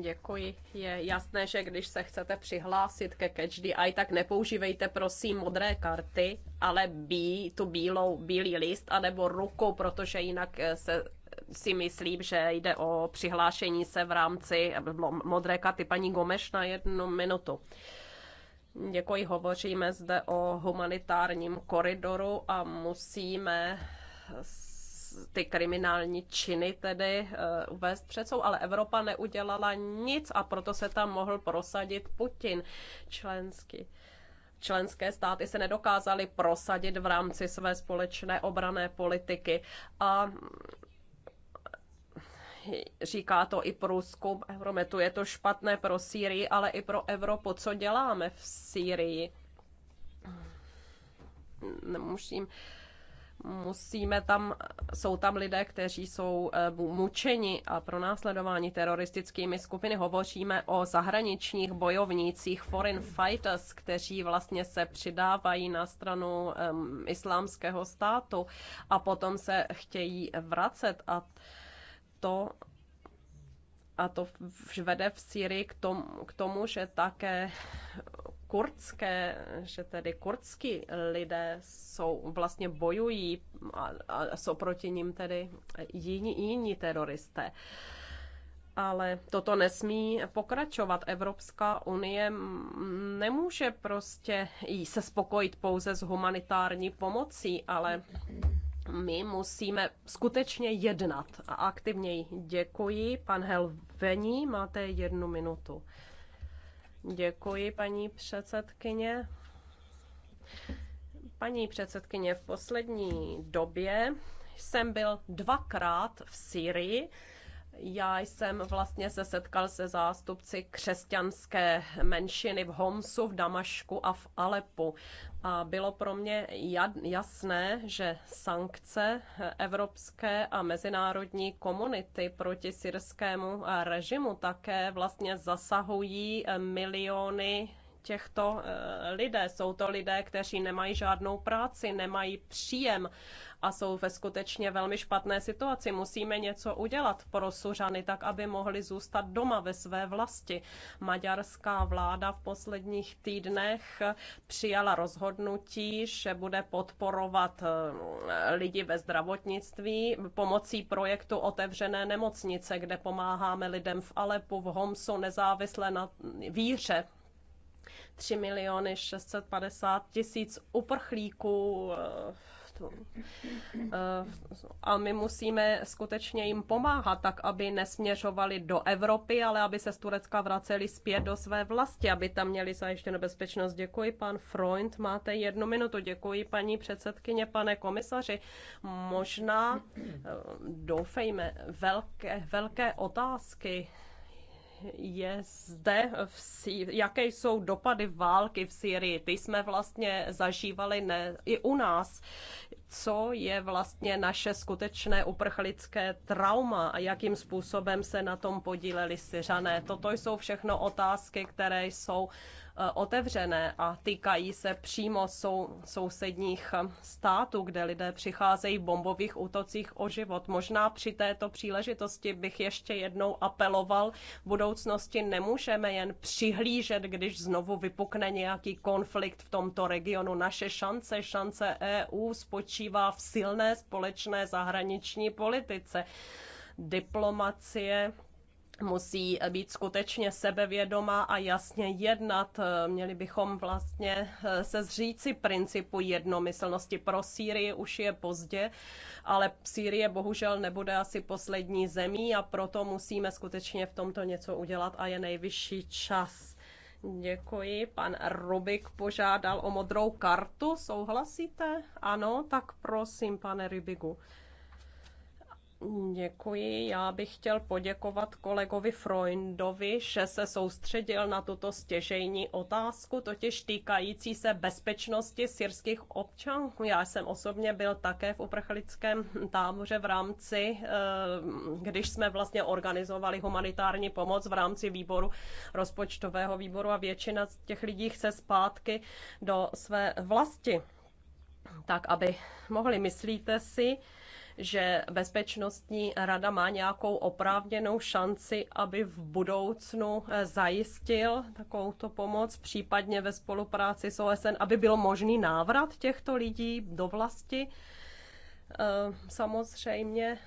S3: Děkuji. Je jasné, že když se chcete přihlásit ke Catch the Eye, tak nepoužívejte prosím modré karty, ale bí, tu bílou, bílý list, anebo ruku, protože jinak e, se si myslím, že jde o přihlášení se v rámci e, modré karty paní Gomeš na jednu minutu. Děkuji, hovoříme zde o humanitárním koridoru a musíme ty kriminální činy tedy eh, uvést před ale Evropa neudělala nic a proto se tam mohl prosadit Putin členský. Členské státy se nedokázaly prosadit v rámci své společné obrané politiky a říká to i průzkum Eurometu, je to špatné pro Sýrii, ale i pro Evropu. Co děláme v Sýrii? Nemusím musíme tam, jsou tam lidé, kteří jsou eh, mučeni a pronásledováni teroristickými skupiny. Hovoříme o zahraničních bojovnících, foreign fighters, kteří vlastně se přidávají na stranu um, islámského státu a potom se chtějí vracet a to a to vede v Syrii k tomu, k tomu že také kurdské, že tedy kurdský lidé jsou vlastně bojují a, a jsou proti ním tedy jiní, jiní teroristé. Ale toto nesmí pokračovat. Evropská unie nemůže prostě jí se spokojit pouze s humanitární pomocí, ale my musíme skutečně jednat a aktivněji. Děkuji, pan Helvení, máte jednu minutu. Děkuji, paní předsedkyně. Paní předsedkyně, v poslední době jsem byl dvakrát v Syrii. Já jsem vlastně se setkal se zástupci křesťanské menšiny v Homsu, v Damašku a v Alepu. A bylo pro mě jasné, že sankce evropské a mezinárodní komunity proti syrskému režimu také vlastně zasahují miliony těchto eh, lidé. Jsou to lidé, kteří nemají žádnou práci, nemají příjem a jsou ve skutečně velmi špatné situaci. Musíme něco udělat pro Suřany, tak aby mohli zůstat doma ve své vlasti. Maďarská vláda v posledních týdnech přijala rozhodnutí, že bude podporovat eh, lidi ve zdravotnictví pomocí projektu Otevřené nemocnice, kde pomáháme lidem v Alepu, v Homsu, nezávisle na víře 3 miliony 650 tisíc uprchlíků eh, eh, a my musíme skutečně jim pomáhat, tak aby nesměřovali do Evropy, ale aby se z Turecka vraceli zpět do své vlasti, aby tam měli zajištěnou bezpečnost. Děkuji, pan Freund. Máte jednu minutu. Děkuji, paní předsedkyně, pane komisaři. Možná, eh, doufejme, velké, velké otázky je zde, v Sý... jaké jsou dopady války v Syrii. Ty jsme vlastně zažívali ne, i u nás. Co je vlastně naše skutečné uprchlické trauma a jakým způsobem se na tom podíleli Syřané. Toto jsou všechno otázky, které jsou Eh, otevřené a týkají se přímo sou, sousedních států, kde lidé přicházejí v bombových útocích o život. Možná při této příležitosti bych ještě jednou apeloval, v budoucnosti nemůžeme jen přihlížet, když znovu vypukne nějaký konflikt v tomto regionu. Naše šance, šance EU spočívá v silné společné zahraniční politice diplomacie musí být skutečně sebevědomá a jasně jednat. Měli bychom vlastně eh, se zříci principu jednomyslnosti. Pro Sýrii už je pozdě, ale Sýrie bohužel nebude asi poslední zemí a proto musíme skutečně v tomto něco udělat a je nejvyšší čas. Děkuji. Pan Rubik požádal o modrou kartu. Souhlasíte? Ano, tak prosím, pane Rybigu. Děkuji. Já bych chtěl poděkovat kolegovi Freundovi, že se soustředil na tuto stěžejní otázku, totiž týkající se bezpečnosti syrských občanů. Já jsem osobně byl také v uprchlickém táboře v rámci, eh, když jsme vlastně organizovali humanitární pomoc v rámci výboru, rozpočtového výboru a většina z těch lidí chce zpátky do své vlasti, tak aby mohli. Myslíte si, že Bezpečnostní rada má nějakou oprávněnou šanci, aby v budoucnu eh, zajistil takovouto pomoc, případně ve spolupráci s OSN, aby byl možný návrat těchto lidí do vlasti. Eh, samozřejmě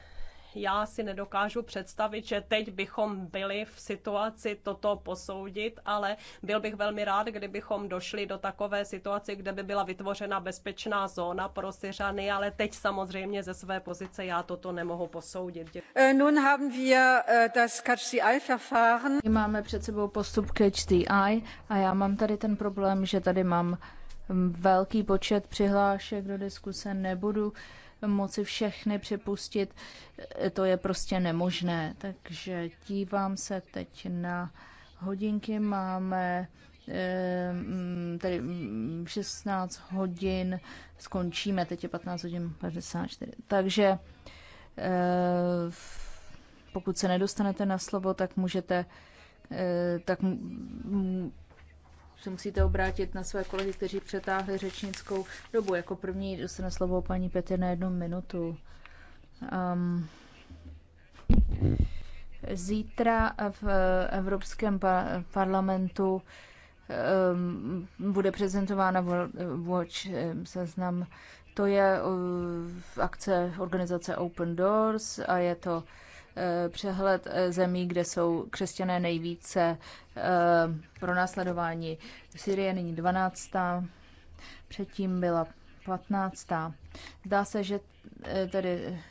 S3: já si nedokážu představit, že teď bychom byli v situaci toto posoudit, ale byl bych velmi rád, kdybychom došli do takové situace, kde by byla vytvořena bezpečná zóna pro Syřany, ale teď samozřejmě ze své pozice já toto nemohu posoudit.
S1: Äh, nun haben wir äh, das KCI Verfahren. Máme před sebou postup KCI a já mám tady ten problém, že tady mám hm, velký počet přihlášek do diskuse. Nebudu moci všechny připustit, to je prostě nemožné. Takže dívám se teď na hodinky, máme eh, tedy 16 mm, hodin, skončíme, teď je 15 hodin 54. Takže eh, pokud se nedostanete na slovo, tak můžete eh, tak se musíte obrátit na své kolegy, kteří přetáhli řečnickou dobu. Jako první dostane slovo paní Petr na jednu minutu. Um, zítra v Evropském parlamentu um, bude prezentována Watch seznam. To je akce organizace Open Doors a je to Eh, přehled eh, zemí, kde jsou křesťané nejvíce eh, pro následování. Syrie nyní 12. Předtím byla 15. Zdá se, že tedy